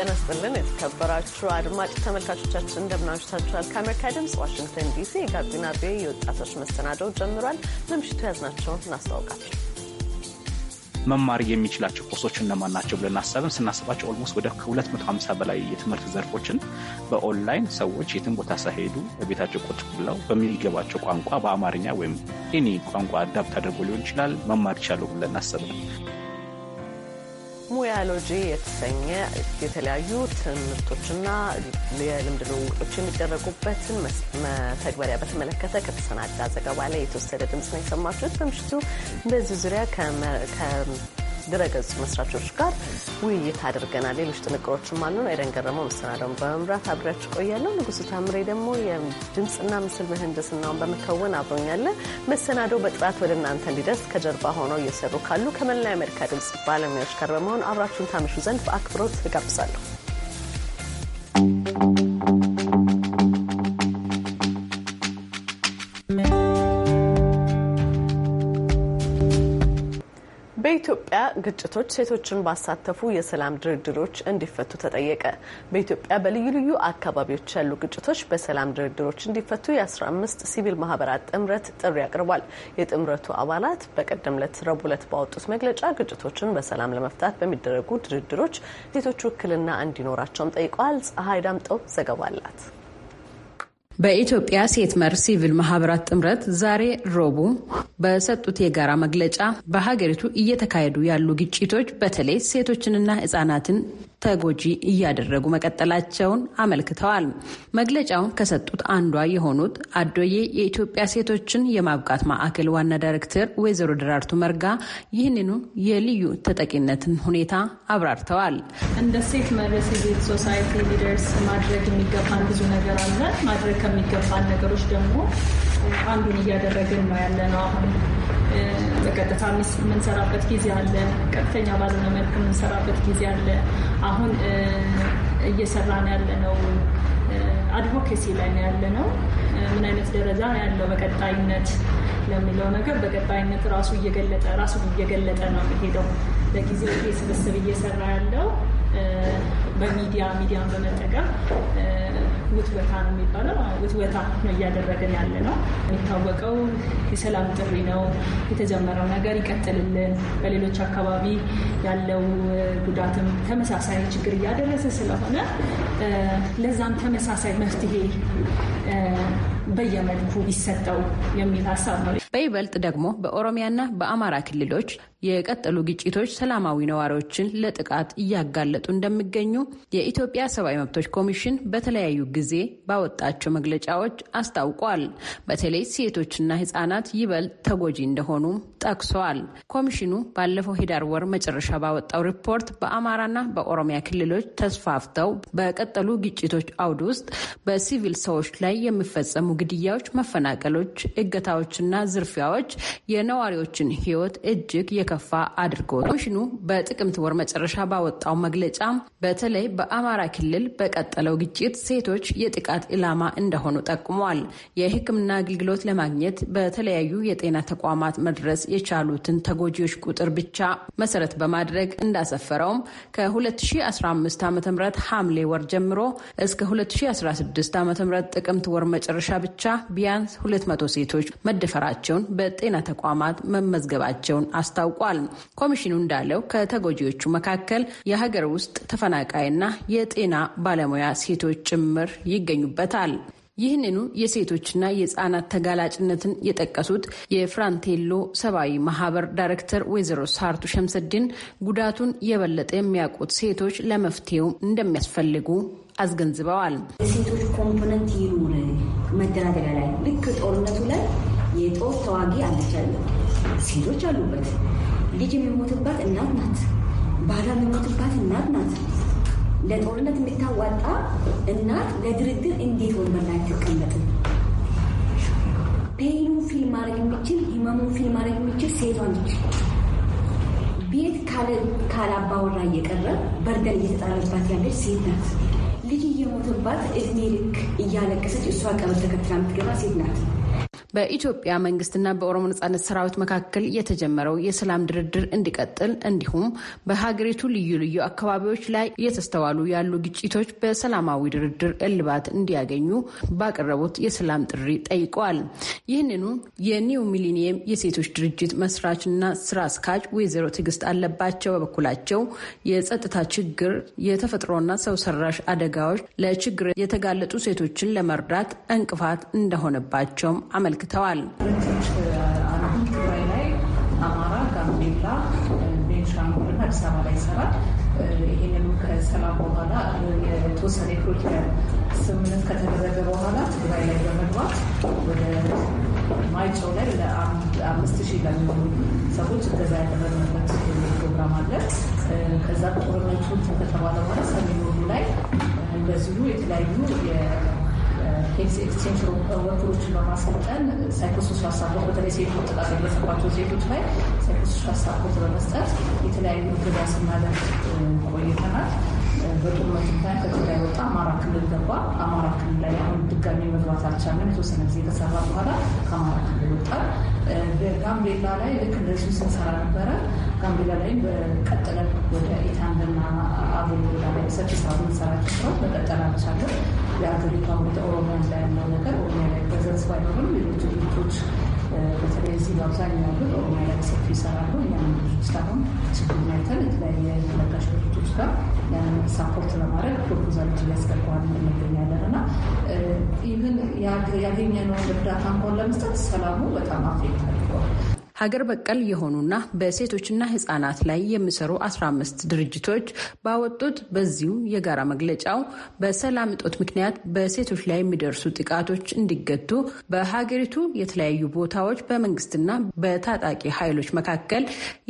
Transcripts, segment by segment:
ጤና ይስጥልን የተከበራችሁ አድማጭ ተመልካቾቻችን እንደምናመሽታችኋል። ከአሜሪካ ድምጽ ዋሽንግተን ዲሲ የጋቢና ቤ የወጣቶች መሰናደው ጀምሯል። ለምሽቱ ያዝናቸውን እናስታውቃችሁ። መማር የሚችላቸው ኮርሶች እነማን ናቸው ብለን አሰብን። ስናስባቸው ኦልሞስት ወደ ከ250 በላይ የትምህርት ዘርፎችን በኦንላይን ሰዎች የትም ቦታ ሳይሄዱ በቤታቸው ቁጭ ብለው በሚገባቸው ቋንቋ በአማርኛ ወይም ኒ ቋንቋ አዳብት አድርጎ ሊሆን ይችላል መማር ይቻሉ ብለን አሰብን። ሙያሎጂ የተሰኘ የተለያዩ ትምህርቶችና የልምድ ልውውጦች የሚደረጉበትን መተግበሪያ በተመለከተ ከተሰናዳ ዘገባ ላይ የተወሰደ ድምፅ ነው የሰማችሁት። በምሽቱ በዚህ ዙሪያ ድረገጽ መስራቾች ጋር ውይይት አድርገናል። ሌሎች ጥንቅሮችም አሉ አይደን ገረመው መሰናዳውን በመምራት አብሬያችሁ ቆያለሁ። ንጉሱ ታምሬ ደግሞ የድምፅና ምስል ምህንድስናውን በመከወን አብሮኛለ። መሰናዶው በጥራት ወደ እናንተ እንዲደርስ ከጀርባ ሆነው እየሰሩ ካሉ ከመላ የአሜሪካ ድምፅ ባለሙያዎች ጋር በመሆን አብራችሁን ታምሹ ዘንድ በአክብሮት እጋብዛለሁ። በኢትዮጵያ ግጭቶች ሴቶችን ባሳተፉ የሰላም ድርድሮች እንዲፈቱ ተጠየቀ። በኢትዮጵያ በልዩ ልዩ አካባቢዎች ያሉ ግጭቶች በሰላም ድርድሮች እንዲፈቱ የ15 ሲቪል ማህበራት ጥምረት ጥሪ አቅርቧል። የጥምረቱ አባላት በቀደም ለት ረቡዕ ዕለት ባወጡት መግለጫ ግጭቶችን በሰላም ለመፍታት በሚደረጉ ድርድሮች ሴቶች ውክልና እንዲኖራቸውም ጠይቀዋል። ፀሐይ ዳምጠው ዘገባ አላት። በኢትዮጵያ ሴት መር ሲቪል ማህበራት ጥምረት ዛሬ ሮቡ። በሰጡት የጋራ መግለጫ በሀገሪቱ እየተካሄዱ ያሉ ግጭቶች በተለይ ሴቶችንና ህጻናትን ተጎጂ እያደረጉ መቀጠላቸውን አመልክተዋል። መግለጫውን ከሰጡት አንዷ የሆኑት አዶዬ የኢትዮጵያ ሴቶችን የማብቃት ማዕከል ዋና ዳይሬክተር ወይዘሮ ደራርቱ መርጋ ይህንኑ የልዩ ተጠቂነትን ሁኔታ አብራርተዋል። እንደ ሴት መሪያ ሲቪል ሶሳይቲ ሊደርስ ማድረግ የሚገባን ብዙ ነገር አለ። ማድረግ ከሚገባን ነገሮች ደግሞ አንዱን እያደረግን ነው ያለ ነው። አሁን በቀጥታ የምንሰራበት ጊዜ አለ፣ ቀጥተኛ ባልሆነ መልክ የምንሰራበት ጊዜ አለ። አሁን እየሰራን ያለ ነው አድቮኬሲ ላይ ነው ያለ ነው። ምን አይነት ደረጃ ነው ያለው በቀጣይነት ለሚለው ነገር በቀጣይነት ራሱ እየገለጠ ራሱ እየገለጠ ነው የሚሄደው። ለጊዜው ይሄ ስብስብ እየሰራ ያለው በሚዲያ ሚዲያን በመጠቀም ውትወታ ነው የሚባለው። ውትወታ ነው እያደረግን ያለ ነው። የሚታወቀው የሰላም ጥሪ ነው። የተጀመረው ነገር ይቀጥልልን። በሌሎች አካባቢ ያለው ጉዳትም ተመሳሳይ ችግር እያደረሰ ስለሆነ ለዛም ተመሳሳይ መፍትሄ በየመልኩ ይሰጠው የሚል ሀሳብ ነው። በይበልጥ ደግሞ በኦሮሚያና በአማራ ክልሎች የቀጠሉ ግጭቶች ሰላማዊ ነዋሪዎችን ለጥቃት እያጋለጡ እንደሚገኙ የኢትዮጵያ ሰብአዊ መብቶች ኮሚሽን በተለያዩ ጊዜ ባወጣቸው መግለጫዎች አስታውቋል። በተለይ ሴቶችና ህጻናት ይበልጥ ተጎጂ እንደሆኑ ጠቅሰዋል። ኮሚሽኑ ባለፈው ሂዳር ወር መጨረሻ ባወጣው ሪፖርት በአማራና በኦሮሚያ ክልሎች ተስፋፍተው በቀጠሉ ግጭቶች አውድ ውስጥ በሲቪል ሰዎች ላይ የሚፈጸሙ ግድያዎች፣ መፈናቀሎች፣ እገታዎችና ዝርፊያዎች የነዋሪዎችን ህይወት እጅግ የከፋ አድርጎ ኮሚሽኑ በጥቅምት ወር መጨረሻ ባወጣው መግለጫ በተለይ በአማራ ክልል በቀጠለው ግጭት ሴቶች የጥቃት ኢላማ እንደሆኑ ጠቁመዋል። የህክምና አገልግሎት ለማግኘት በተለያዩ የጤና ተቋማት መድረስ የቻሉትን ተጎጂዎች ቁጥር ብቻ መሰረት በማድረግ እንዳሰፈረውም ከ2015 ዓ ም ሐምሌ ወር ጀምሮ እስከ 2016 ዓ ም ጥቅምት ወር መጨረሻ ብቻ ቢያንስ 200 ሴቶች መደፈራቸው ቁጥራቸውን በጤና ተቋማት መመዝገባቸውን አስታውቋል። ኮሚሽኑ እንዳለው ከተጎጂዎቹ መካከል የሀገር ውስጥ ተፈናቃይና የጤና ባለሙያ ሴቶች ጭምር ይገኙበታል። ይህንኑ የሴቶችና የህፃናት ተጋላጭነትን የጠቀሱት የፍራንቴሎ ሰብአዊ ማህበር ዳይሬክተር ወይዘሮ ሳርቱ ሸምሰድን ጉዳቱን የበለጠ የሚያውቁት ሴቶች ለመፍትሄው እንደሚያስፈልጉ አስገንዝበዋል። የሴቶች ኮምፖነንት ይኑር መደራደሪያ ላይ ልክ ጦርነቱ ላይ የጦር ተዋጊ አለቻለሁ፣ ሴቶች አሉበት። ልጅ የሚሞትባት እናት ናት። ባላ የሚሞትባት እናት ናት። ለጦርነት የምታዋጣ እናት ለድርድር እንዴት ወንበር ላይ አትቀመጥም? ፔኑ ፊልም ማድረግ የሚችል ህመሙን ፊልም ማድረግ የሚችል ሴቷ ነች። ቤት ካላባወራ እየቀረ በርደን እየተጣለባት ያለች ሴት ናት። ልጅ እየሞትባት እድሜ ልክ እያለቀሰች እሷ ቀብር ተከትላ የምትገባ ሴት ናት። በኢትዮጵያ መንግስትና በኦሮሞ ነጻነት ሰራዊት መካከል የተጀመረው የሰላም ድርድር እንዲቀጥል እንዲሁም በሀገሪቱ ልዩ ልዩ አካባቢዎች ላይ እየተስተዋሉ ያሉ ግጭቶች በሰላማዊ ድርድር እልባት እንዲያገኙ ባቀረቡት የሰላም ጥሪ ጠይቀዋል። ይህንኑ የኒው ሚሊኒየም የሴቶች ድርጅት መስራችና ስራ አስካጅ ወይዘሮ ትዕግስት አለባቸው በበኩላቸው የጸጥታ ችግር፣ የተፈጥሮና ሰው ሰራሽ አደጋዎች ለችግር የተጋለጡ ሴቶችን ለመርዳት እንቅፋት እንደሆነባቸውም አመልክተዋል። አመልክተዋል። አማራ፣ ጋምቤላ፣ ቤንሻንጉልና አዲስ አበባ ላይ ይሰራል። ይህንም ከሰላም በኋላ የተወሰነ የፖለቲካ ስምምነት ከተደረገ በኋላ ትግራይ ላይ በመግባት ወደ ማይጨው ላይ ለአምስት ሺህ ለሚሆኑ ሰዎች እገዛ ያደረግንበት ፕሮግራም አለ። ከዛ ጦርነቱ ከተባለ በኋላ ሰሜን ወሎ ላይ እንደዚሁ የተለያዩ ኤክስቼንጅ ወርክሮችን በማሰልጠን ሳይኮሶሻል ሳፖርት በተለይ ሴቶች ጥቃት የደረሰባቸው ሴቶች ላይ ሳይኮሶሻል ሳፖርት በመስጠት የተለያዩ እገዛ ስናደርግ ቆይተናል። በጦርነት ምክንያት ከትግራይ ወጣ፣ አማራ ክልል ገባ። አማራ ክልል ላይ አሁን ድጋሚ መግባት አልቻለም። የተወሰነ ጊዜ ከሰራ በኋላ ከአማራ ክልል ወጣ። ጋምቤላ ላይ ልክ እንደዚሁ ስንሰራ ነበረ። ጋምቤላ ላይ በቀጠለ ወደ ኢታንግና አቤላ ላይ ሰፊ ስራ ምንሰራቸው ስራው በቀጠለ አልቻለም። የአገሪቷ ወደ ኦሮሚያ ላይ ያለው ነገር ኦሮሚያ ላይ በዘዝ ባይኖርም ሌሎች ድርጅቶች በተለይ እዚህ በአብዛኛው ግን ኦሮሚያ ላይ ሰፊ ይሰራሉ። ያንን እስካሁን ችግር ማይተን የተለያየ ተለጋሽ ድርጅቶች ጋር ያንን ሳፖርት ለማድረግ ፕሮፖዛሎች እያስገባዋል እንገኛለን እና ይህን uh, ያገኘነውን እርዳታ እንኳን ለመስጠት ሰላሙ በጣም አፌክት አድርገዋል። ሀገር በቀል የሆኑና በሴቶችና ህጻናት ላይ የሚሰሩ 15 ድርጅቶች ባወጡት በዚሁ የጋራ መግለጫው በሰላም እጦት ምክንያት በሴቶች ላይ የሚደርሱ ጥቃቶች እንዲገቱ በሀገሪቱ የተለያዩ ቦታዎች በመንግስትና በታጣቂ ኃይሎች መካከል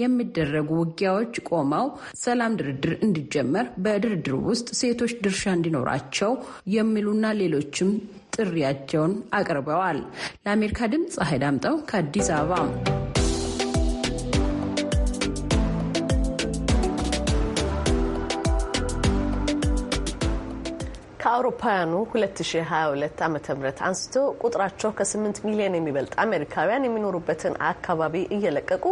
የሚደረጉ ውጊያዎች ቆመው ሰላም ድርድር እንዲጀመር በድርድሩ ውስጥ ሴቶች ድርሻ እንዲኖራቸው የሚሉና ሌሎችም ጥሪያቸውን አቅርበዋል። ለአሜሪካ ድምፅ ፀሐይ ዳምጠው ከአዲስ አበባ ከአውሮፓውያኑ 2022 ዓ ም አንስቶ ቁጥራቸው ከ8 ሚሊዮን የሚበልጥ አሜሪካውያን የሚኖሩበትን አካባቢ እየለቀቁ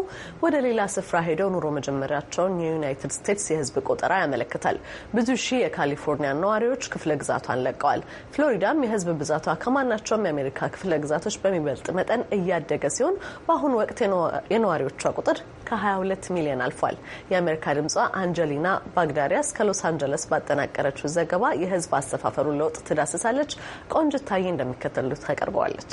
ወደ ሌላ ስፍራ ሄደው ኑሮ መጀመሪያቸውን የዩናይትድ ስቴትስ የሕዝብ ቆጠራ ያመለክታል። ብዙ ሺህ የካሊፎርኒያ ነዋሪዎች ክፍለ ግዛቷን ለቀዋል። ፍሎሪዳም የሕዝብ ብዛቷ ከማናቸውም የአሜሪካ ክፍለ ግዛቶች በሚበልጥ መጠን እያደገ ሲሆን በአሁኑ ወቅት የነዋሪዎቿ ቁጥር ከ22 ሚሊዮን አልፏል። የአሜሪካ ድምጿ አንጀሊና ባግዳሪያስ ከሎስ አንጀለስ ባጠናቀረችው ዘገባ የሕዝብ አሰፋፍ ያፈሩን ለውጥ ትዳስሳለች። ቆንጅታዬ እንደሚከተሉት ታቀርበዋለች።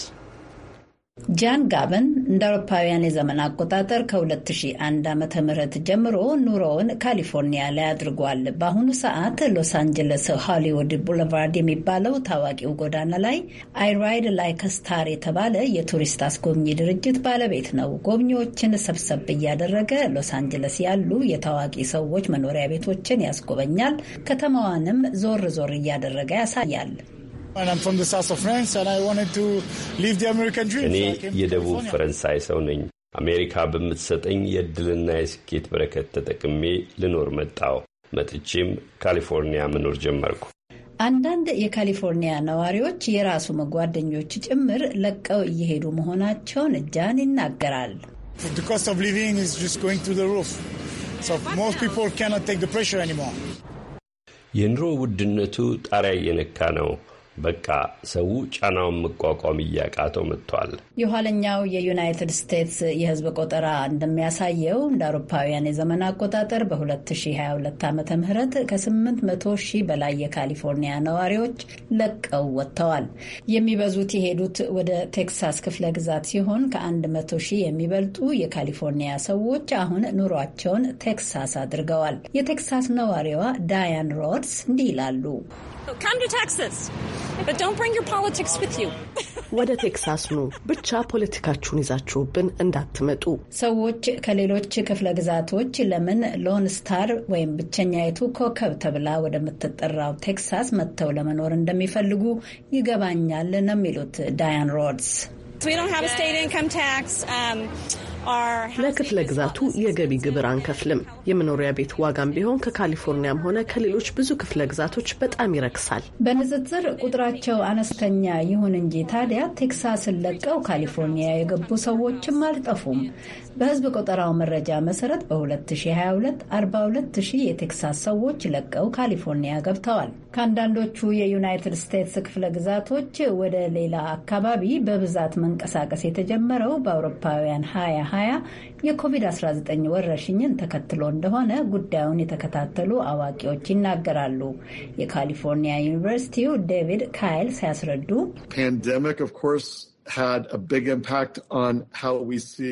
ጃን ጋብን እንደ አውሮፓውያን የዘመን አቆጣጠር ከ2001 ዓ.ም ጀምሮ ኑሮውን ካሊፎርኒያ ላይ አድርጓል። በአሁኑ ሰዓት ሎስ አንጀለስ ሆሊውድ ቡልቫርድ የሚባለው ታዋቂው ጎዳና ላይ አይራይድ ላይክ ስታር የተባለ የቱሪስት አስጎብኚ ድርጅት ባለቤት ነው። ጎብኚዎችን ሰብሰብ እያደረገ ሎስ አንጀለስ ያሉ የታዋቂ ሰዎች መኖሪያ ቤቶችን ያስጎበኛል። ከተማዋንም ዞር ዞር እያደረገ ያሳያል። እኔ የደቡብ ፈረንሳይ ሰው ነኝ። አሜሪካ በምትሰጠኝ የእድልና የስኬት በረከት ተጠቅሜ ልኖር መጣው። መጥቼም ካሊፎርኒያ መኖር ጀመርኩ። አንዳንድ የካሊፎርኒያ ነዋሪዎች የራሱ ጓደኞች ጭምር ለቀው እየሄዱ መሆናቸውን ጃን ይናገራል። የኑሮ ውድነቱ ጣሪያ እየነካ ነው። በቃ ሰው ጫናውን መቋቋም እያቃተው መጥቷል። የኋለኛው የዩናይትድ ስቴትስ የህዝብ ቆጠራ እንደሚያሳየው እንደ አውሮፓውያን የዘመን አቆጣጠር በ2022 ዓ ም ከ800 ሺህ በላይ የካሊፎርኒያ ነዋሪዎች ለቀው ወጥተዋል። የሚበዙት የሄዱት ወደ ቴክሳስ ክፍለ ግዛት ሲሆን ከ100 ሺህ የሚበልጡ የካሊፎርኒያ ሰዎች አሁን ኑሯቸውን ቴክሳስ አድርገዋል። የቴክሳስ ነዋሪዋ ዳያን ሮድስ እንዲህ ይላሉ። Come to Texas. But don't bring your politics with you. ወደ ቴክሳስ ኑ፣ ብቻ ፖለቲካችሁን ይዛችሁብን እንዳትመጡ። ሰዎች ከሌሎች ክፍለ ግዛቶች ለምን ሎን ስታር ወይም ብቸኛይቱ ኮከብ ተብላ ወደምትጠራው ቴክሳስ መጥተው ለመኖር እንደሚፈልጉ ይገባኛል ነው የሚሉት ዳያን ሮድስ። We don't have a state income tax. Um, ለክፍለ ግዛቱ የገቢ ግብር አንከፍልም። የመኖሪያ ቤት ዋጋም ቢሆን ከካሊፎርኒያም ሆነ ከሌሎች ብዙ ክፍለ ግዛቶች በጣም ይረክሳል። በንጽጽር ቁጥራቸው አነስተኛ ይሁን እንጂ ታዲያ ቴክሳስን ለቀው ካሊፎርኒያ የገቡ ሰዎችም አልጠፉም። በህዝብ ቆጠራው መረጃ መሰረት በ2022 42000 የቴክሳስ ሰዎች ለቀው ካሊፎርኒያ ገብተዋል። ከአንዳንዶቹ የዩናይትድ ስቴትስ ክፍለ ግዛቶች ወደ ሌላ አካባቢ በብዛት መንቀሳቀስ የተጀመረው በአውሮፓውያን 2 2020 የኮቪድ-19 ወረርሽኝን ተከትሎ እንደሆነ ጉዳዩን የተከታተሉ አዋቂዎች ይናገራሉ። የካሊፎርኒያ ዩኒቨርሲቲው ዴቪድ ካይል ሲያስረዱ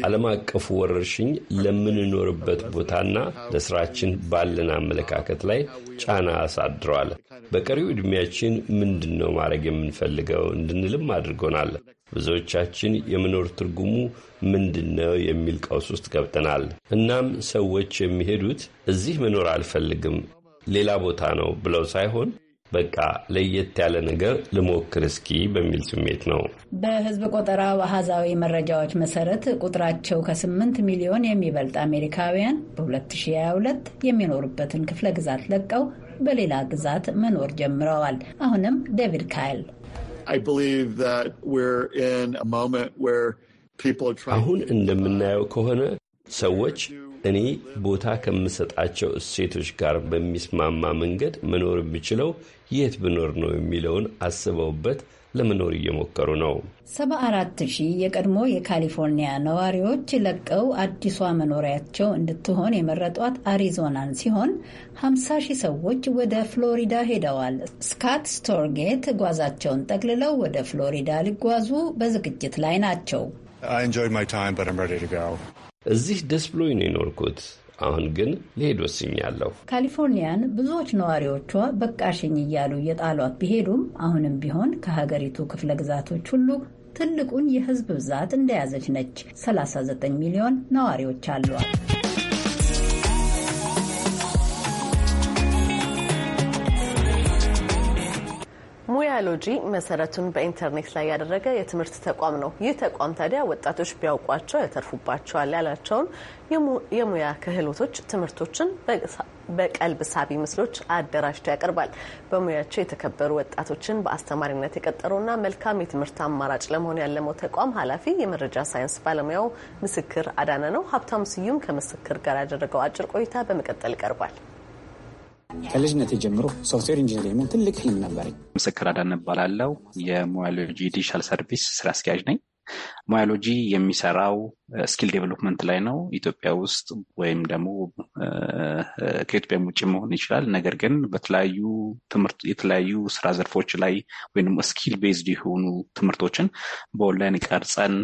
ዓለም አቀፉ ወረርሽኝ ለምንኖርበት ቦታና ለስራችን ባለን አመለካከት ላይ ጫና አሳድረዋል። በቀሪው ዕድሜያችን ምንድን ነው ማድረግ የምንፈልገው እንድንልም አድርጎናል። ብዙዎቻችን የመኖር ትርጉሙ ምንድን ነው የሚል ቀውስ ውስጥ ገብተናል። እናም ሰዎች የሚሄዱት እዚህ መኖር አልፈልግም ሌላ ቦታ ነው ብለው ሳይሆን በቃ ለየት ያለ ነገር ልሞክር እስኪ በሚል ስሜት ነው። በህዝብ ቆጠራ አሃዛዊ መረጃዎች መሰረት ቁጥራቸው ከ ከ8 ሚሊዮን የሚበልጥ አሜሪካውያን በ2022 የሚኖሩበትን ክፍለ ግዛት ለቀው በሌላ ግዛት መኖር ጀምረዋል። አሁንም ዴቪድ ካይል አሁን እንደምናየው ከሆነ ሰዎች እኔ ቦታ ከምሰጣቸው እሴቶች ጋር በሚስማማ መንገድ መኖር የምችለው የት ብኖር ነው የሚለውን አስበውበት ለመኖር እየሞከሩ ነው። 74 ሺህ የቀድሞ የካሊፎርኒያ ነዋሪዎች ለቀው አዲሷ መኖሪያቸው እንድትሆን የመረጧት አሪዞናን ሲሆን 50 ሺህ ሰዎች ወደ ፍሎሪዳ ሄደዋል። ስካት ስቶርጌት ጓዛቸውን ጠቅልለው ወደ ፍሎሪዳ ሊጓዙ በዝግጅት ላይ ናቸው። እዚህ ደስ ብሎኝ ነው የኖርኩት አሁን ግን ልሄድ ወስኛለሁ። ካሊፎርኒያን ብዙዎች ነዋሪዎቿ በቃሽኝ እያሉ የጣሏት ቢሄዱም አሁንም ቢሆን ከሀገሪቱ ክፍለ ግዛቶች ሁሉ ትልቁን የህዝብ ብዛት እንደያዘች ነች። 39 ሚሊዮን ነዋሪዎች አሏት። ዲጂታሎጂ መሰረቱን በኢንተርኔት ላይ ያደረገ የትምህርት ተቋም ነው። ይህ ተቋም ታዲያ ወጣቶች ቢያውቋቸው ያተርፉባቸዋል ያላቸውን የሙያ ክህሎቶች ትምህርቶችን በቀልብ ሳቢ ምስሎች አደራጅቶ ያቀርባል። በሙያቸው የተከበሩ ወጣቶችን በአስተማሪነት የቀጠሩና መልካም የትምህርት አማራጭ ለመሆን ያለመው ተቋም ኃላፊ የመረጃ ሳይንስ ባለሙያው ምስክር አዳነ ነው። ሀብታሙ ስዩም ከምስክር ጋር ያደረገው አጭር ቆይታ በመቀጠል ይቀርባል። ከልጅነት ጀምሮ ሶፍትዌር ኢንጂነር የመሆን ትልቅ ህልም ነበረኝ። ምስክር አዳነ እባላለሁ። የሞባይሎጂ ዲጂታል ሰርቪስ ስራ አስኪያጅ ነኝ። ሞያሎጂ የሚሰራው ስኪል uh, ዴቨሎፕመንት ላይ ነው። ኢትዮጵያ ውስጥ ወይም ደግሞ uh, ከኢትዮጵያም ውጭ መሆን ይችላል። ነገር ግን በተለያዩ ትምህርት የተለያዩ ስራ ዘርፎች ላይ ወይም ስኪል ቤዝድ የሆኑ ትምህርቶችን በኦንላይን ቀርጸን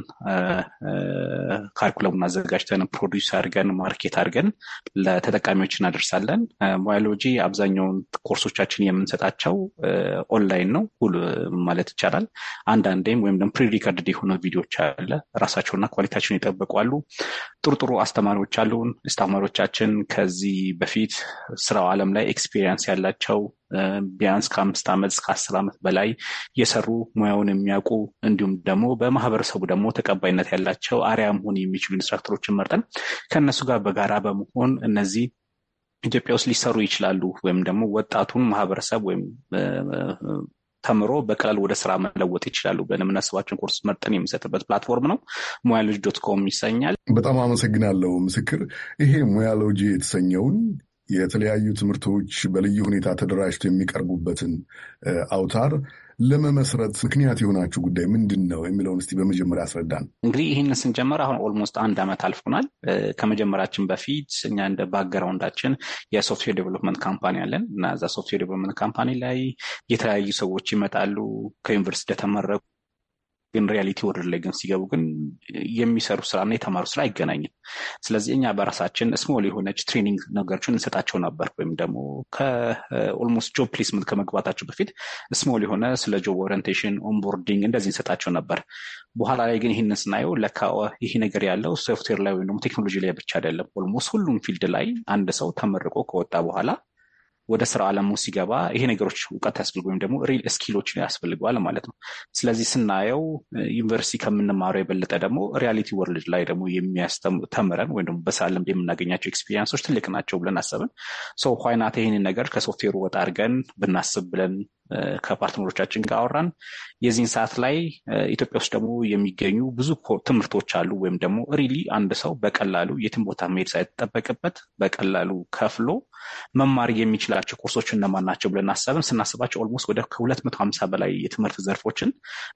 ካልኩለሙን uh, አዘጋጅተን ፕሮዲስ አድርገን ማርኬት አድርገን ለተጠቃሚዎች እናደርሳለን። ሞያሎጂ አብዛኛውን ኮርሶቻችን የምንሰጣቸው ኦንላይን ነው ሁሉ ማለት ይቻላል። አንዳንዴም ወይም ደግሞ ፕሪሪከርድድ የሆነ ቪዲዮዎች አለ። ራሳቸውና ኳሊቲያቸውን ይጠብቋሉ አሉ። ጥሩ ጥሩ አስተማሪዎች አሉን። አስተማሪዎቻችን ከዚህ በፊት ስራው አለም ላይ ኤክስፔሪንስ ያላቸው ቢያንስ ከአምስት ዓመት እስከ አስር ዓመት በላይ የሰሩ ሙያውን የሚያውቁ እንዲሁም ደግሞ በማህበረሰቡ ደግሞ ተቀባይነት ያላቸው አሪያ መሆን የሚችሉ ኢንስትራክተሮችን መርጠን ከእነሱ ጋር በጋራ በመሆን እነዚህ ኢትዮጵያ ውስጥ ሊሰሩ ይችላሉ ወይም ደግሞ ወጣቱን ማህበረሰብ ወይም ተምሮ በቀላል ወደ ስራ መለወጥ ይችላሉ ብለን የምናስባቸውን ኮርስ መርጠን የሚሰጥበት ፕላትፎርም ነው። ሙያሎጂ ዶት ኮም ይሰኛል። በጣም አመሰግናለሁ ምስክር። ይሄ ሙያሎጂ የተሰኘውን የተለያዩ ትምህርቶች በልዩ ሁኔታ ተደራጅተው የሚቀርቡበትን አውታር ለመመስረት ምክንያት የሆናችሁ ጉዳይ ምንድን ነው የሚለውን እስቲ በመጀመሪያ አስረዳን። እንግዲህ ይህንን ስንጀምር አሁን ኦልሞስት አንድ ዓመት አልፎናል። ከመጀመራችን በፊት እኛ እንደ ባክግራውንዳችን የሶፍትዌር ዴቨሎፕመንት ካምፓኒ አለን እና እዛ ሶፍትዌር ዴቨሎፕመንት ካምፓኒ ላይ የተለያዩ ሰዎች ይመጣሉ ከዩኒቨርሲቲ እንደተመረቁ ግን ሪያሊቲ ወደ ላይ ግን ሲገቡ ግን የሚሰሩ ስራና የተማሩ ስራ አይገናኝም። ስለዚህ እኛ በራሳችን ስሞል የሆነች ትሬኒንግ ነገሮችን እንሰጣቸው ነበር። ወይም ደግሞ ከኦልሞስት ጆብ ፕሌስመንት ከመግባታቸው በፊት ስሞል የሆነ ስለ ጆብ ኦሪንቴሽን፣ ኦንቦርዲንግ እንደዚህ እንሰጣቸው ነበር። በኋላ ላይ ግን ይህንን ስናየው ለካ ይሄ ነገር ያለው ሶፍትዌር ላይ ወይም ደግሞ ቴክኖሎጂ ላይ ብቻ አይደለም። ኦልሞስት ሁሉም ፊልድ ላይ አንድ ሰው ተመርቆ ከወጣ በኋላ ወደ ስራ ዓለሙ ሲገባ ይሄ ነገሮች እውቀት ያስፈልግ ወይም ደግሞ ሪል እስኪሎች ያስፈልገዋል ማለት ነው። ስለዚህ ስናየው ዩኒቨርሲቲ ከምንማረው የበለጠ ደግሞ ሪያሊቲ ወርልድ ላይ ደግሞ የሚያስተምረን ወይም ደግሞ በሳለም የምናገኛቸው ኤክስፒሪየንሶች ትልቅ ናቸው ብለን አሰብን። ሶ ይህንን ነገር ከሶፍትዌሩ ወጣ አድርገን ብናስብ ብለን ከፓርትነሮቻችን ጋር አወራን። የዚህን ሰዓት ላይ ኢትዮጵያ ውስጥ ደግሞ የሚገኙ ብዙ ትምህርቶች አሉ። ወይም ደግሞ ሪሊ አንድ ሰው በቀላሉ የትም ቦታ መሄድ ሳይጠበቅበት በቀላሉ ከፍሎ መማር የሚችላቸው ኮርሶች እነማን ናቸው ብለን አሰብን። ስናስባቸው ኦልሞስት ወደ ከሁለት መቶ ሀምሳ በላይ የትምህርት ዘርፎችን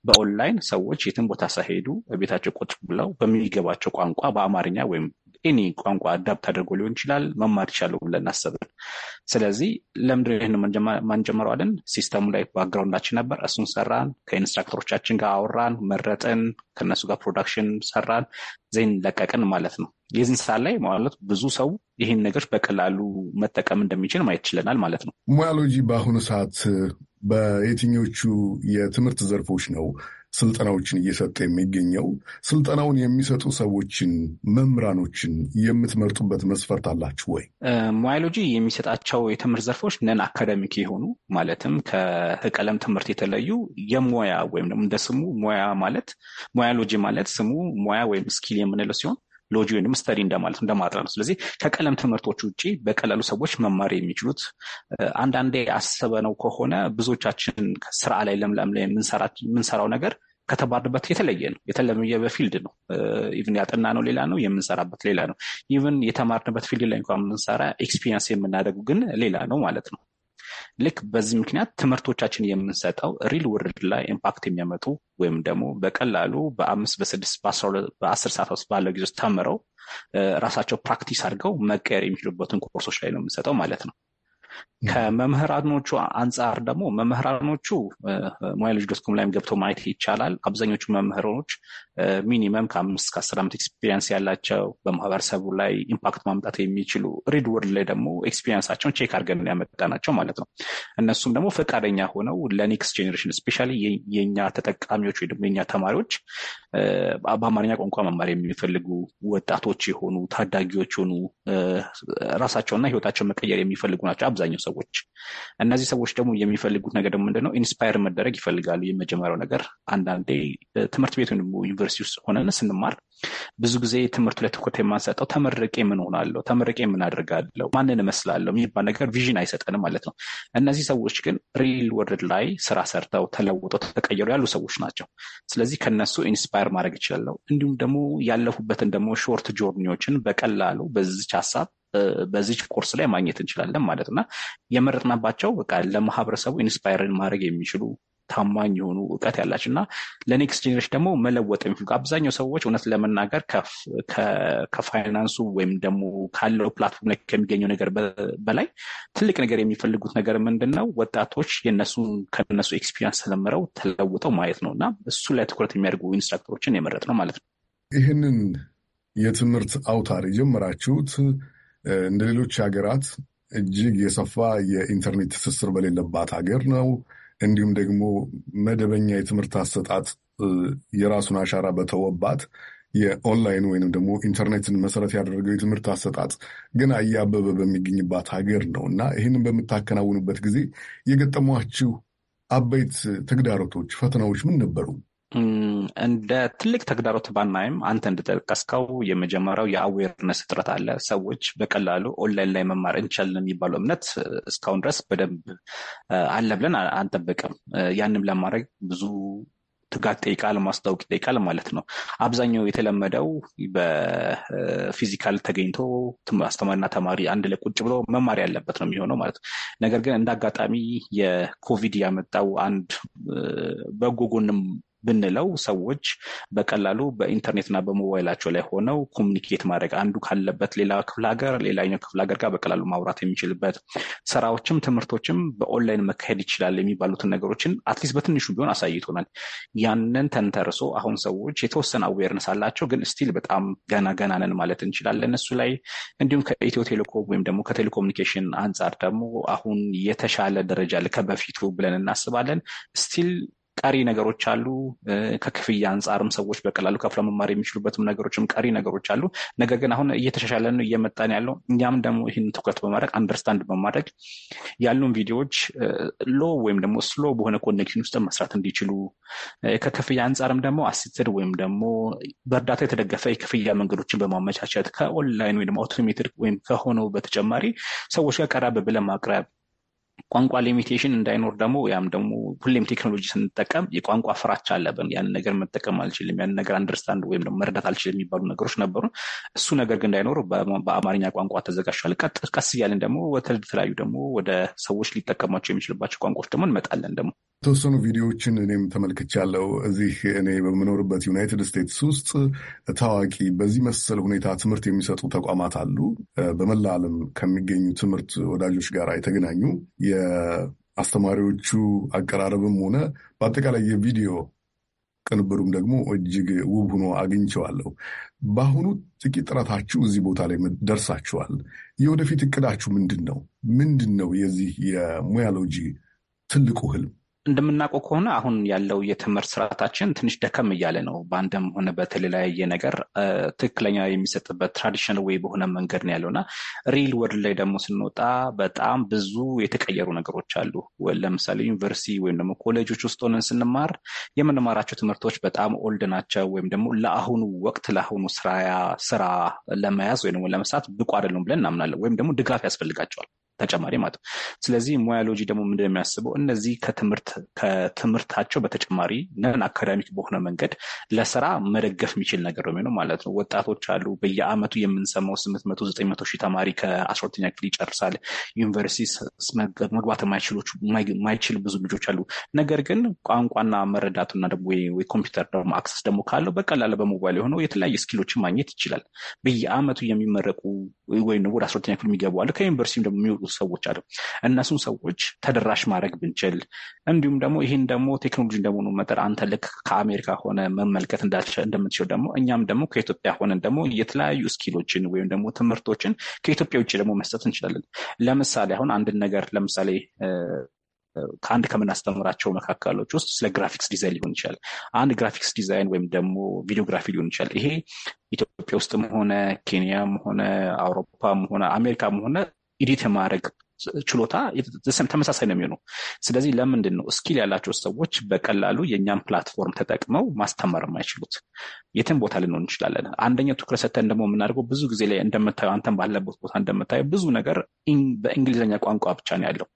በኦንላይን ሰዎች የትም ቦታ ሳይሄዱ ቤታቸው ቁጭ ብለው በሚገባቸው ቋንቋ በአማርኛ ወይም ኤኒ ቋንቋ አዳፕት አድርጎ ሊሆን ይችላል መማር ይቻሉ ብለን አሰብን። ስለዚህ ለምድር ይህን ማንጀመረው አለን። ሲስተሙ ላይ ባክግራውንዳችን ነበር፣ እሱን ሰራን። ከኢንስትራክተሮቻችን ጋር አወራን፣ መረጥን፣ ከእነሱ ጋር ፕሮዳክሽን ሰራን፣ ዜን ለቀቅን ማለት ነው። የዚህን ሰዓት ላይ ማለት ብዙ ሰው ይህን ነገር በቀላሉ መጠቀም እንደሚችል ማየት ችለናል ማለት ነው። ሙያሎጂ በአሁኑ ሰዓት በየትኞቹ የትምህርት ዘርፎች ነው ስልጠናዎችን እየሰጠ የሚገኘው። ስልጠናውን የሚሰጡ ሰዎችን፣ መምህራኖችን የምትመርጡበት መስፈርት አላችሁ ወይ? ሞያሎጂ የሚሰጣቸው የትምህርት ዘርፎች ነን አካደሚክ የሆኑ ማለትም ከቀለም ትምህርት የተለዩ የሞያ ወይም ደግሞ እንደ ስሙ ማለት ሞያሎጂ ማለት ስሙ ሞያ ወይም ስኪል የምንለው ሲሆን ሎጂ ወይም ስተዲ እንደማለት እንደማጥናት ነው። ስለዚህ ከቀለም ትምህርቶች ውጭ በቀላሉ ሰዎች መማር የሚችሉት አንዳንዴ ነው ከሆነ ብዙዎቻችን ስራ ላይ ለምለም ላይ የምንሰራው ነገር ከተማርንበት የተለየ ነው። የተለየ በፊልድ ነው። ኢቭን ያጠና ነው ሌላ ነው፣ የምንሰራበት ሌላ ነው። ኢቭን የተማርንበት ፊልድ ላይ እንኳን የምንሰራ ኤክስፒሪንስ የምናደጉ ግን ሌላ ነው ማለት ነው። ልክ በዚህ ምክንያት ትምህርቶቻችን የምንሰጠው ሪል ውርድ ላይ ኢምፓክት የሚያመጡ ወይም ደግሞ በቀላሉ በአምስት በስድስት በአስር ሰዓት ውስጥ ባለው ጊዜ ውስጥ ተምረው ራሳቸው ፕራክቲስ አድርገው መቀየር የሚችሉበትን ኮርሶች ላይ ነው የምንሰጠው ማለት ነው። ከመምህራኖቹ አንጻር ደግሞ መምህራኖቹ ሙያ ልጅ ዶት ላይም ገብተው ማየት ይቻላል። አብዛኞቹ መምህራኖች ሚኒመም ከአምስት እስከ አስር ዓመት ኤክስፒሪየንስ ያላቸው በማህበረሰቡ ላይ ኢምፓክት ማምጣት የሚችሉ ሪድ ወርድ ላይ ደግሞ ኤክስፒሪየንሳቸውን ቼክ አድርገን ያመጣ ናቸው ማለት ነው። እነሱም ደግሞ ፈቃደኛ ሆነው ለኔክስት ጄኔሬሽን ስፔሻሊ የኛ ተጠቃሚዎች ወይ ደግሞ የኛ ተማሪዎች በአማርኛ ቋንቋ መማር የሚፈልጉ ወጣቶች የሆኑ ታዳጊዎች የሆኑ ራሳቸውና ህይወታቸውን መቀየር የሚፈልጉ ናቸው። አብዛኛው ሰዎች። እነዚህ ሰዎች ደግሞ የሚፈልጉት ነገር ደግሞ ምንድነው? ኢንስፓየር መደረግ ይፈልጋሉ። የመጀመሪያው ነገር አንዳንዴ ትምህርት ቤት ወይም ዩኒቨርሲቲ ውስጥ ሆነን ስንማር ብዙ ጊዜ ትምህርቱ ላይ ትኩረት የማንሰጠው ተመረቄ ምን ሆናለሁ፣ ተመረቄ ምን አድርጋለሁ፣ ማንን እመስላለሁ የሚባል ነገር ቪዥን አይሰጠንም ማለት ነው። እነዚህ ሰዎች ግን ሪል ወርልድ ላይ ስራ ሰርተው ተለውጠው ተቀየሩ ያሉ ሰዎች ናቸው። ስለዚህ ከነሱ ኢንስፓየር ማድረግ ይችላለሁ። እንዲሁም ደግሞ ያለፉበትን ደግሞ ሾርት ጆርኒዎችን በቀላሉ በዚች ሀሳብ በዚች ኮርስ ላይ ማግኘት እንችላለን ማለት እና የመረጥናባቸው በቃ ለማህበረሰቡ ኢንስፓይርን ማድረግ የሚችሉ ታማኝ የሆኑ እውቀት ያላቸው እና ለኔክስት ጀኔሬሽን ደግሞ መለወጥ የሚ አብዛኛው ሰዎች እውነት ለመናገር ከፋይናንሱ ወይም ደግሞ ካለው ፕላትፎርም ላይ ከሚገኘው ነገር በላይ ትልቅ ነገር የሚፈልጉት ነገር ምንድን ነው? ወጣቶች የነሱ ከነሱ ኤክስፒሪንስ ተለምረው ተለውጠው ማየት ነው እና እሱ ላይ ትኩረት የሚያደርጉ ኢንስትራክተሮችን የመረጥ ነው ማለት ነው። ይህንን የትምህርት አውታር የጀመራችሁት እንደ ሌሎች ሀገራት እጅግ የሰፋ የኢንተርኔት ትስስር በሌለባት ሀገር ነው። እንዲሁም ደግሞ መደበኛ የትምህርት አሰጣጥ የራሱን አሻራ በተወባት የኦንላይን ወይንም ደግሞ ኢንተርኔትን መሰረት ያደረገው የትምህርት አሰጣጥ ገና እያበበ በሚገኝባት ሀገር ነው እና ይህንን በምታከናውኑበት ጊዜ የገጠሟችሁ አበይት ተግዳሮቶች፣ ፈተናዎች ምን ነበሩ? እንደ ትልቅ ተግዳሮት ባናይም አንተ እንደጠቀስከው የመጀመሪያው የአዌርነስ እጥረት አለ። ሰዎች በቀላሉ ኦንላይን ላይ መማር እንችላለን የሚባለው እምነት እስካሁን ድረስ በደንብ አለ ብለን አንጠብቅም። ያንም ለማድረግ ብዙ ትጋት ጠይቃል፣ ማስታወቅ ይጠይቃል ማለት ነው። አብዛኛው የተለመደው በፊዚካል ተገኝቶ አስተማሪና ተማሪ አንድ ላይ ቁጭ ብሎ መማር ያለበት ነው የሚሆነው ማለት ነው። ነገር ግን እንደ አጋጣሚ የኮቪድ ያመጣው አንድ በጎ ጎንም ብንለው ሰዎች በቀላሉ በኢንተርኔትና በሞባይላቸው ላይ ሆነው ኮሚኒኬት ማድረግ አንዱ ካለበት ሌላ ክፍለ ሀገር ሌላኛው ክፍለ ሀገር ጋር በቀላሉ ማውራት የሚችልበት ስራዎችም ትምህርቶችም በኦንላይን መካሄድ ይችላል የሚባሉትን ነገሮችን አትሊስት በትንሹ ቢሆን አሳይቶናል። ያንን ተንተርሶ አሁን ሰዎች የተወሰነ አዌርነስ አላቸው፣ ግን ስቲል በጣም ገና ገና ነን ማለት እንችላለን እሱ ላይ እንዲሁም ከኢትዮ ቴሌኮም ወይም ደግሞ ከቴሌኮሙኒኬሽን አንጻር ደግሞ አሁን የተሻለ ደረጃ ከበፊቱ ብለን እናስባለን ስቲል ቀሪ ነገሮች አሉ። ከክፍያ አንጻርም ሰዎች በቀላሉ ከፍለው መማር የሚችሉበትም ነገሮችም ቀሪ ነገሮች አሉ። ነገር ግን አሁን እየተሻሻለን ነው እየመጣን ያለው። እኛም ደግሞ ይህን ትኩረት በማድረግ አንደርስታንድ በማድረግ ያሉን ቪዲዮዎች ሎ ወይም ደግሞ ስሎ በሆነ ኮኔክሽን ውስጥ መስራት እንዲችሉ ከክፍያ አንጻርም ደግሞ አሲስትድ ወይም ደግሞ በእርዳታ የተደገፈ የክፍያ መንገዶችን በማመቻቸት ከኦንላይን ወይም አውቶሜትድ ወይም ከሆነው በተጨማሪ ሰዎች ጋር ቀረብ ብለን ማቅረብ ቋንቋ ሊሚቴሽን እንዳይኖር ደግሞ ያም ደግሞ ሁሌም ቴክኖሎጂ ስንጠቀም የቋንቋ ፍራቻ አለብን። ያንን ነገር መጠቀም አልችልም፣ ያን ነገር አንደርስታንድ ወይም ደግሞ መረዳት አልችልም የሚባሉ ነገሮች ነበሩ። እሱ ነገር ግን እንዳይኖር በአማርኛ ቋንቋ ተዘጋጅቷል። ቀስ እያለን ደግሞ ወተተለያዩ ደግሞ ወደ ሰዎች ሊጠቀሟቸው የሚችልባቸው ቋንቋዎች ደግሞ እንመጣለን ደግሞ የተወሰኑ ቪዲዮዎችን እኔም ተመልክቻለሁ። እዚህ እኔ በምኖርበት ዩናይትድ ስቴትስ ውስጥ ታዋቂ በዚህ መሰል ሁኔታ ትምህርት የሚሰጡ ተቋማት አሉ። በመላ ዓለም ከሚገኙ ትምህርት ወዳጆች ጋር የተገናኙ የአስተማሪዎቹ አቀራረብም ሆነ በአጠቃላይ የቪዲዮ ቅንብሩም ደግሞ እጅግ ውብ ሆኖ አግኝቸዋለሁ በአሁኑ ጥቂት ጥረታችሁ እዚህ ቦታ ላይ ደርሳችኋል። የወደፊት እቅዳችሁ ምንድን ነው? ምንድን ነው የዚህ የሙያሎጂ ትልቁ ህልም? እንደምናውቀው ከሆነ አሁን ያለው የትምህርት ስርዓታችን ትንሽ ደከም እያለ ነው። በአንድም ሆነ በተለያየ ነገር ትክክለኛ የሚሰጥበት ትራዲሽናል ወይ በሆነ መንገድ ነው ያለውና ሪል ወርድ ላይ ደግሞ ስንወጣ በጣም ብዙ የተቀየሩ ነገሮች አሉ። ለምሳሌ ዩኒቨርሲቲ ወይም ደግሞ ኮሌጆች ውስጥ ሆነን ስንማር የምንማራቸው ትምህርቶች በጣም ኦልድ ናቸው፣ ወይም ደግሞ ለአሁኑ ወቅት ለአሁኑ ስራ ለመያዝ ወይም ደግሞ ለመስራት ብቁ አይደሉም ብለን እናምናለን፣ ወይም ደግሞ ድጋፍ ያስፈልጋቸዋል። ተጨማሪ ማለት ነው። ስለዚህ ሞያሎጂ ደግሞ ምንድን የሚያስበው እነዚህ ከትምህርታቸው በተጨማሪ ነን አካዳሚክ በሆነ መንገድ ለስራ መደገፍ የሚችል ነገር ነው የሚሆነው ማለት ነው። ወጣቶች አሉ በየአመቱ የምንሰማው ስምንት መቶ ዘጠኝ መቶ ሺህ ተማሪ ከአስራ ሁለተኛ ክፍል ይጨርሳል። ዩኒቨርሲቲ መግባት ማይችል ብዙ ልጆች አሉ። ነገር ግን ቋንቋና መረዳቱና ደግሞ ወይ ኮምፒውተር ደግሞ አክሰስ ደግሞ ካለው በቀላል በሞባይል የሆነው የተለያዩ ስኪሎችን ማግኘት ይችላል። በየአመቱ የሚመረቁ ወይም ወደ አስራ ሁለተኛ ክፍል የሚገቡ አሉ ከዩኒቨርሲቲ ደግሞ የሚወጡ ሰዎች አሉ። እነሱን ሰዎች ተደራሽ ማድረግ ብንችል እንዲሁም ደግሞ ይህን ደግሞ ቴክኖሎጂ እንደመሆኑ መጠን አንተ ልክ ከአሜሪካ ሆነ መመልከት እንደምትችል ደግሞ እኛም ደግሞ ከኢትዮጵያ ሆነን ደግሞ የተለያዩ ስኪሎችን ወይም ደግሞ ትምህርቶችን ከኢትዮጵያ ውጭ ደግሞ መስጠት እንችላለን። ለምሳሌ አሁን አንድን ነገር ለምሳሌ ከአንድ ከምናስተምራቸው መካከሎች ውስጥ ስለ ግራፊክስ ዲዛይን ሊሆን ይችላል። አንድ ግራፊክስ ዲዛይን ወይም ደግሞ ቪዲዮግራፊ ሊሆን ይችላል። ይሄ ኢትዮጵያ ውስጥም ሆነ ኬንያም ሆነ አውሮፓም ሆነ አሜሪካም ሆነ ኢዲት የማድረግ ችሎታ ተመሳሳይ ነው የሚሆነው። ስለዚህ ለምንድን ነው ስኪል ያላቸው ሰዎች በቀላሉ የእኛን ፕላትፎርም ተጠቅመው ማስተማር የማይችሉት? የትም ቦታ ልንሆን እንችላለን። አንደኛው ትኩረት ሰተን ደግሞ የምናደርገው ብዙ ጊዜ ላይ እንደምታየው፣ አንተን ባለበት ቦታ እንደምታየው ብዙ ነገር በእንግሊዝኛ ቋንቋ ብቻ ነው ያለው።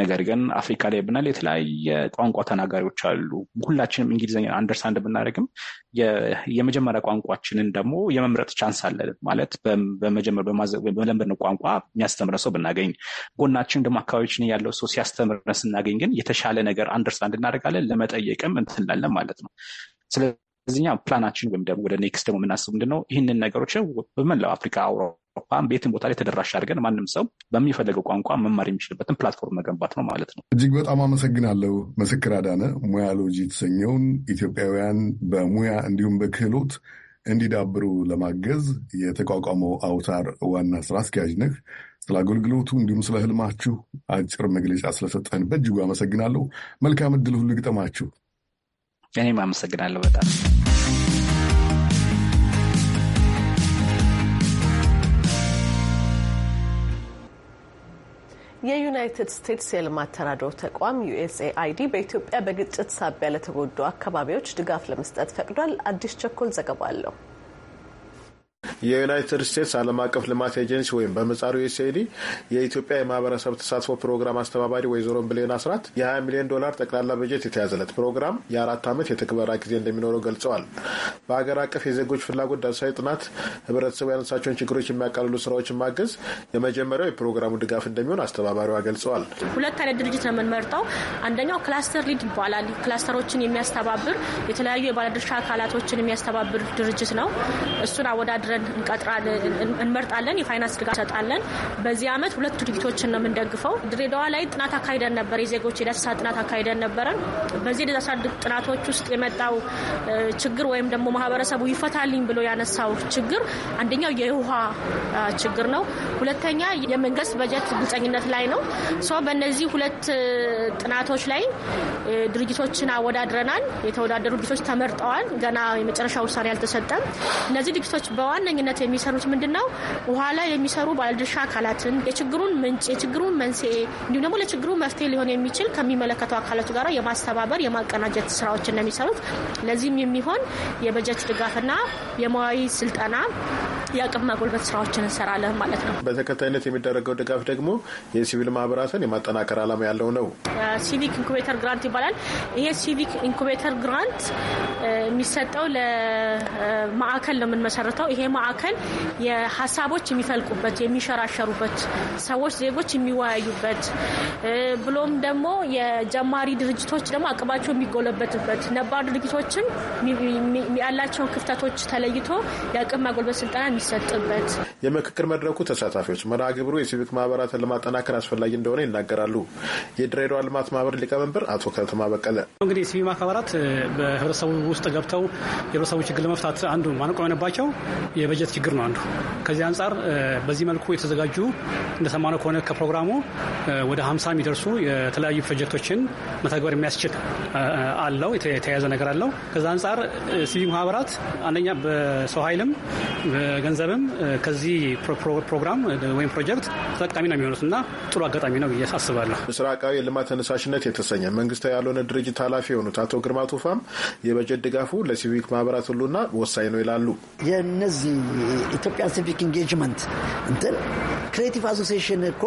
ነገር ግን አፍሪካ ላይ ብናል የተለያየ ቋንቋ ተናጋሪዎች አሉ። ሁላችንም እንግሊዝኛ አንደርስታንድ ብናደርግም የመጀመሪያ ቋንቋችንን ደግሞ የመምረጥ ቻንስ አለ ማለት በመጀመር በመለመድነው ቋንቋ የሚያስተምረን ሰው ብናገኝ፣ ጎናችን ደግሞ አካባቢችን ያለው ሰው ሲያስተምረን ስናገኝ ግን የተሻለ ነገር አንደርስታንድ እናደርጋለን፣ ለመጠየቅም እንትን ማለት ነው። ስለዚህኛ ፕላናችን ወይም ደግሞ ወደ ኔክስት ደግሞ የምናስብ ምንድነው ይህንን ነገሮች በመላው አፍሪካ አውራ ተቋም በየትም ቦታ ላይ ተደራሽ አድርገን ማንም ሰው በሚፈለገው ቋንቋ መማር የሚችልበትን ፕላትፎርም መገንባት ነው ማለት ነው። እጅግ በጣም አመሰግናለሁ። ምስክር አዳነ ሙያሎጂ የተሰኘውን ኢትዮጵያውያን በሙያ እንዲሁም በክህሎት እንዲዳብሩ ለማገዝ የተቋቋመው አውታር ዋና ስራ አስኪያጅ ነህ። ስለ አገልግሎቱ እንዲሁም ስለ ህልማችሁ አጭር መግለጫ ስለሰጠህን በእጅጉ አመሰግናለሁ። መልካም እድል ሁሉ ይግጠማችሁ። እኔም አመሰግናለሁ በጣም የዩናይትድ ስቴትስ የልማት ተራድኦ ተቋም ዩኤስኤአይዲ በኢትዮጵያ በግጭት ሳቢያ ለተጎዱ አካባቢዎች ድጋፍ ለመስጠት ፈቅዷል። አዲስ ቸኮል ዘገባ አለው። የዩናይትድ ስቴትስ ዓለም አቀፍ ልማት ኤጀንሲ ወይም በምጻሩ ዩኤስኤዲ የኢትዮጵያ የማህበረሰብ ተሳትፎ ፕሮግራም አስተባባሪ ወይዘሮ ብሌን አስራት የ20 ሚሊዮን ዶላር ጠቅላላ በጀት የተያዘለት ፕሮግራም የአራት ዓመት የትግበራ ጊዜ እንደሚኖረው ገልጸዋል። በሀገር አቀፍ የዜጎች ፍላጎት ዳሰሳዊ ጥናት ህብረተሰቡ ያነሳቸውን ችግሮች የሚያቃልሉ ስራዎችን ማገዝ የመጀመሪያው የፕሮግራሙ ድጋፍ እንደሚሆን አስተባባሪዋ ገልጸዋል። ሁለት አይነት ድርጅት ነው የምንመርጠው። አንደኛው ክላስተር ሊድ ይባላል። ክላስተሮችን የሚያስተባብር የተለያዩ የባለድርሻ አካላቶችን የሚያስተባብር ድርጅት ነው። እሱን አወዳድረ ብለን እንመርጣለን። የፋይናንስ ድጋፍ እንሰጣለን። በዚህ አመት ሁለቱ ድርጅቶችን ነው የምንደግፈው። ድሬዳዋ ላይ ጥናት አካሂደን ነበር። የዜጎች የዳሰሳ ጥናት አካሂደን ነበረ። በዚህ የዳሰሳ ጥናቶች ውስጥ የመጣው ችግር ወይም ደግሞ ማህበረሰቡ ይፈታልኝ ብሎ ያነሳው ችግር አንደኛው የውሃ ችግር ነው። ሁለተኛ የመንግስት በጀት ግልጸኝነት ላይ ነው። በእነዚህ ሁለት ጥናቶች ላይ ድርጅቶችን አወዳድረናል። የተወዳደሩ ድርጅቶች ተመርጠዋል። ገና የመጨረሻ ውሳኔ አልተሰጠም። እነዚህ ድርጅቶች በዋና በዋነኝነት የሚሰሩት ምንድን ነው? በኋላ የሚሰሩ ባለድርሻ አካላትን የችግሩን ምንጭ፣ የችግሩን መንስኤ እንዲሁም ደግሞ ለችግሩ መፍትሄ ሊሆን የሚችል ከሚመለከተው አካላት ጋር የማስተባበር የማቀናጀት ስራዎችን ነው የሚሰሩት። ለዚህም የሚሆን የበጀት ድጋፍና የመዋይ ስልጠና የአቅም ማጎልበት ስራዎችን እንሰራለን ማለት ነው። በተከታይነት የሚደረገው ድጋፍ ደግሞ የሲቪል ማህበራትን የማጠናከር አላማ ያለው ነው። ሲቪክ ኢንኩቤተር ግራንት ይባላል። ይሄ ሲቪክ ኢንኩቤተር ግራንት የሚሰጠው ለማዕከል ነው የምንመሰረተው። ይሄ ማዕከል የሀሳቦች የሚፈልቁበት የሚሸራሸሩበት፣ ሰዎች ዜጎች የሚወያዩበት ብሎም ደግሞ የጀማሪ ድርጅቶች ደግሞ አቅማቸው የሚጎለበትበት ነባር ድርጅቶችም ያላቸውን ክፍተቶች ተለይቶ የአቅም ማጎልበት ስልጠና የሚሰጥበት የምክክር መድረኩ ተሳታፊዎች መርሃ ግብሩ የሲቪክ ማህበራትን ለማጠናከር አስፈላጊ እንደሆነ ይናገራሉ። የድሬዳዋ ልማት ማህበር ሊቀመንበር አቶ ከተማ በቀለ እንግዲህ የሲቪክ ማህበራት በህብረተሰቡ ውስጥ ገብተው የህብረተሰቡ ችግር ለመፍታት አንዱ ማነቆ የሆነባቸው የበጀት ችግር ነው አንዱ። ከዚህ አንጻር በዚህ መልኩ የተዘጋጁ እንደሰማነው ከሆነ ከፕሮግራሙ ወደ ሀምሳ የሚደርሱ የተለያዩ ፕሮጀክቶችን መተግበር የሚያስችል አለው የተያያዘ ነገር አለው። ከዛ አንጻር ሲቪክ ማህበራት አንደኛ በሰው ኃይልም ገንዘብም ከዚህ ፕሮግራም ወይም ፕሮጀክት ተጠቃሚ ነው የሚሆኑት እና ጥሩ አጋጣሚ ነው ብዬ አስባለሁ። ምስራቃዊ የልማት ተነሳሽነት የተሰኘ መንግስታዊ ያልሆነ ድርጅት ኃላፊ የሆኑት አቶ ግርማ ቱፋም የበጀት ድጋፉ ለሲቪክ ማህበራት ሁሉና ወሳኝ ነው ይላሉ። የነዚህ ኢትዮጵያ ሲቪክ ኢንጌጅመንት እንትን ክሬቲቭ አሶሲሽን እኮ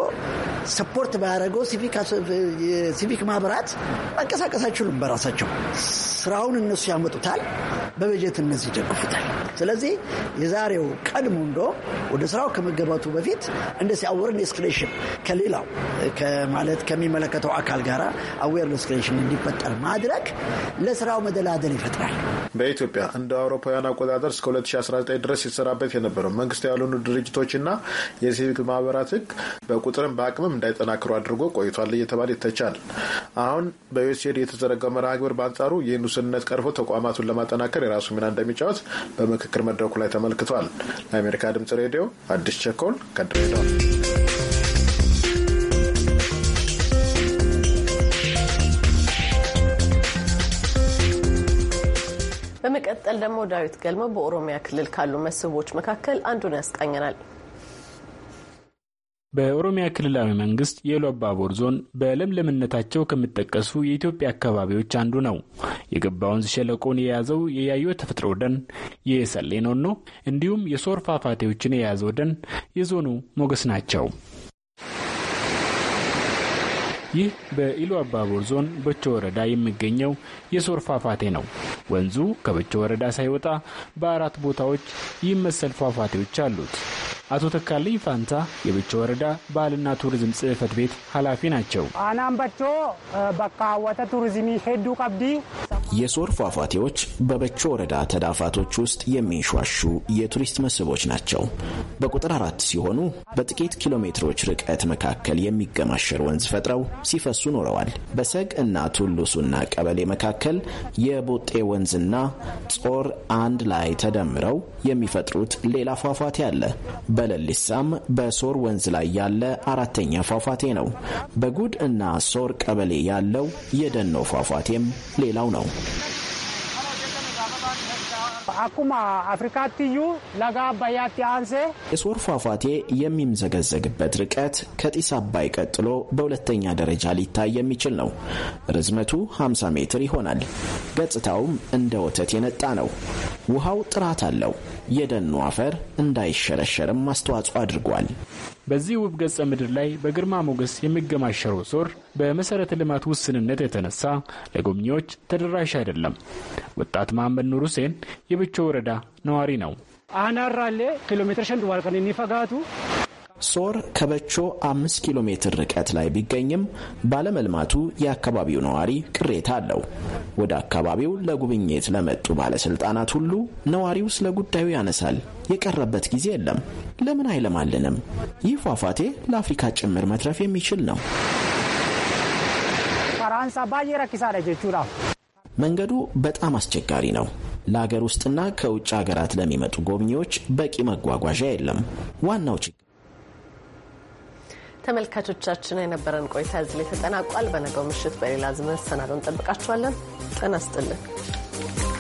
ሰፖርት ባያደረገው ሲቪክ ማህበራት መንቀሳቀስ አይችሉም በራሳቸው ስራውን እነሱ ያመጡታል፣ በበጀት እነዚህ ይደግፉታል። ስለዚህ የዛሬው ቀድሞ እንዶ ወደ ስራው ከመገባቱ በፊት እንደዚህ አዌርነስ ክሬሽን ከሌላው ማለት ከሚመለከተው አካል ጋር አዌርነስ ክሬሽን እንዲፈጠር ማድረግ ለስራው መደላደል ይፈጥራል። በኢትዮጵያ እንደ አውሮፓውያን አቆጣጠር እስከ 2019 ድረስ ሲሰራበት የነበረው መንግስት ያልሆኑ ድርጅቶችና የሲቪክ ማህበራት ህግ በቁጥርም በአቅምም እንዳይጠናክሩ አድርጎ ቆይቷል እየተባለ ይተቻል። አሁን በዩኤስኤድ የተዘረጋው መርሃ ግብር በአንጻሩ ይህን ውስንነት ቀርፎ ተቋማቱን ለማጠናከር የራሱ ሚና እንደሚጫወት በምክክር መድረኩ ላይ ተመልክቷል። ለአሜሪካ ድምጽ ሬዲዮ አዲስ ቸኮል ከድሬዳዋል። በመቀጠል ደግሞ ዳዊት ገልሞ በኦሮሚያ ክልል ካሉ መስህቦች መካከል አንዱን ያስቃኘናል። በኦሮሚያ ክልላዊ መንግስት የኢሉ አባቦር ዞን በለምለምነታቸው ከሚጠቀሱ የኢትዮጵያ አካባቢዎች አንዱ ነው። የገባ ወንዝ ሸለቆን የያዘው የያዩ ተፈጥሮ ደን የሰሌኖኖ እንዲሁም የሶር ፏፏቴዎችን የያዘው ደን የዞኑ ሞገስ ናቸው። ይህ በኢሉ አባቦር ዞን በቾ ወረዳ የሚገኘው የሶር ፏፏቴ ነው። ወንዙ ከበቾ ወረዳ ሳይወጣ በአራት ቦታዎች ይህ መሰል ፏፏቴዎች አሉት። አቶ ተካልኝ ፋንታ የብቾ ወረዳ ባህልና ቱሪዝም ጽህፈት ቤት ኃላፊ ናቸው። አናምበቾ በካወተ ቱሪዝሚ ሄዱ ቀብዲ የሶር ፏፏቴዎች በበቾ ወረዳ ተዳፋቶች ውስጥ የሚንሿሹ የቱሪስት መስህቦች ናቸው። በቁጥር አራት ሲሆኑ በጥቂት ኪሎ ሜትሮች ርቀት መካከል የሚገማሸር ወንዝ ፈጥረው ሲፈሱ ኖረዋል። በሰግ እና ቱሉሱና ቀበሌ መካከል የቦጤ ወንዝና ጾር አንድ ላይ ተደምረው የሚፈጥሩት ሌላ ፏፏቴ አለ። በለሊሳም በሶር ወንዝ ላይ ያለ አራተኛ ፏፏቴ ነው። በጉድ እና ሶር ቀበሌ ያለው የደኖ ፏፏቴም ሌላው ነው። አኩማ ትዩ ለጋ አባያት አንሴ የሶር ፏፏቴ የሚምዘገዘግበት ርቀት ከጢስ አባይ ቀጥሎ በሁለተኛ ደረጃ ሊታይ የሚችል ነው። ርዝመቱ 50 ሜትር ይሆናል። ገጽታውም እንደ ወተት የነጣ ነው። ውሃው ጥራት አለው። የደኑ አፈር እንዳይሸረሸርም አስተዋጽኦ አድርጓል። በዚህ ውብ ገጸ ምድር ላይ በግርማ ሞገስ የሚገማሸረው ሶር በመሠረተ ልማት ውስንነት የተነሳ ለጎብኚዎች ተደራሽ አይደለም። ወጣት መሐመድ ኑር ሁሴን የብቾ ወረዳ ነዋሪ ነው። አናራሌ ኪሎ ሜትር ሸንድ ዋልቀን ኒፈጋቱ ሶር ከበቾ አምስት ኪሎ ሜትር ርቀት ላይ ቢገኝም ባለመልማቱ የአካባቢው ነዋሪ ቅሬታ አለው። ወደ አካባቢው ለጉብኝት ለመጡ ባለስልጣናት ሁሉ ነዋሪው ስለ ጉዳዩ ያነሳል። የቀረበት ጊዜ የለም። ለምን አይለማልንም? ይህ ፏፏቴ ለአፍሪካ ጭምር መትረፍ የሚችል ነው። መንገዱ በጣም አስቸጋሪ ነው። ለአገር ውስጥና ከውጭ ሀገራት ለሚመጡ ጎብኚዎች በቂ መጓጓዣ የለም። ዋናው ችግር ተመልካቾቻችን የነበረን ቆይታ እዚህ ላይ ተጠናቋል። በነገው ምሽት በሌላ መሰናዶ እንጠብቃችኋለን። ጤና ይስጥልን።